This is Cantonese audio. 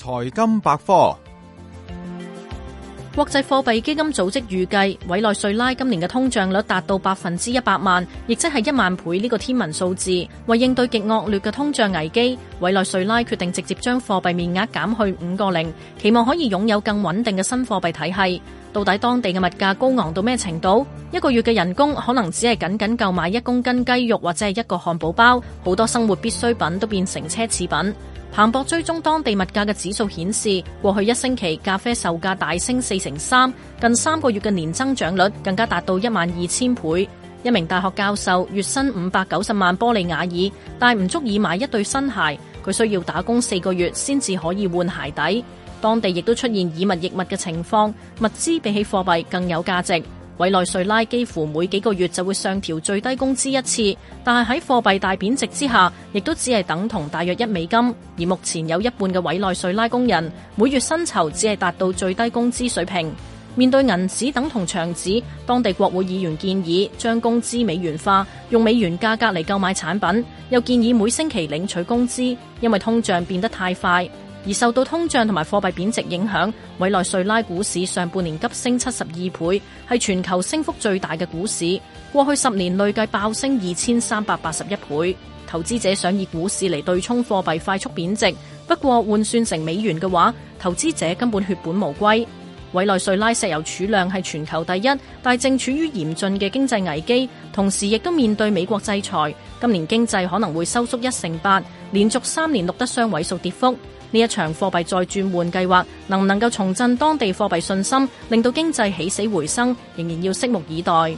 財金百科，國際貨幣基金組織預計，委內瑞拉今年嘅通脹率達到百分之一百萬，亦即係一萬倍呢個天文數字。為應對極惡劣嘅通脹危機，委內瑞拉決定直接將貨幣面額減去五個零，期望可以擁有更穩定嘅新貨幣體系。到底當地嘅物價高昂到咩程度？一個月嘅人工可能只係僅僅夠買一公斤雞肉或者係一個漢堡包，好多生活必需品都變成奢侈品。彭博追蹤當地物價嘅指數顯示，過去一星期咖啡售價大升四成三，近三個月嘅年增長率更加達到一萬二千倍。一名大學教授月薪五百九十萬玻利瓦爾，但係唔足以買一對新鞋，佢需要打工四個月先至可以換鞋底。當地亦都出現以物易物嘅情況，物資比起貨幣更有價值。委內瑞拉幾乎每幾個月就會上調最低工資一次，但係喺貨幣大貶值之下，亦都只係等同大約一美金。而目前有一半嘅委內瑞拉工人每月薪酬只係達到最低工資水平。面對銀紙等同牆紙，當地國會議員建議將工資美元化，用美元價格嚟購買產品，又建議每星期領取工資，因為通脹變得太快。而受到通脹同埋貨幣貶值影響，委內瑞拉股市上半年急升七十二倍，係全球升幅最大嘅股市。過去十年累計爆升二千三百八十一倍，投資者想以股市嚟對沖貨幣快速貶值。不過換算成美元嘅話，投資者根本血本無歸。委內瑞拉石油儲量係全球第一，但正處於嚴峻嘅經濟危機，同時亦都面對美國制裁。今年經濟可能會收縮一成八，連續三年錄得雙位數跌幅。呢一場貨幣再轉換計劃，能唔能夠重振當地貨幣信心，令到經濟起死回生，仍然要拭目以待。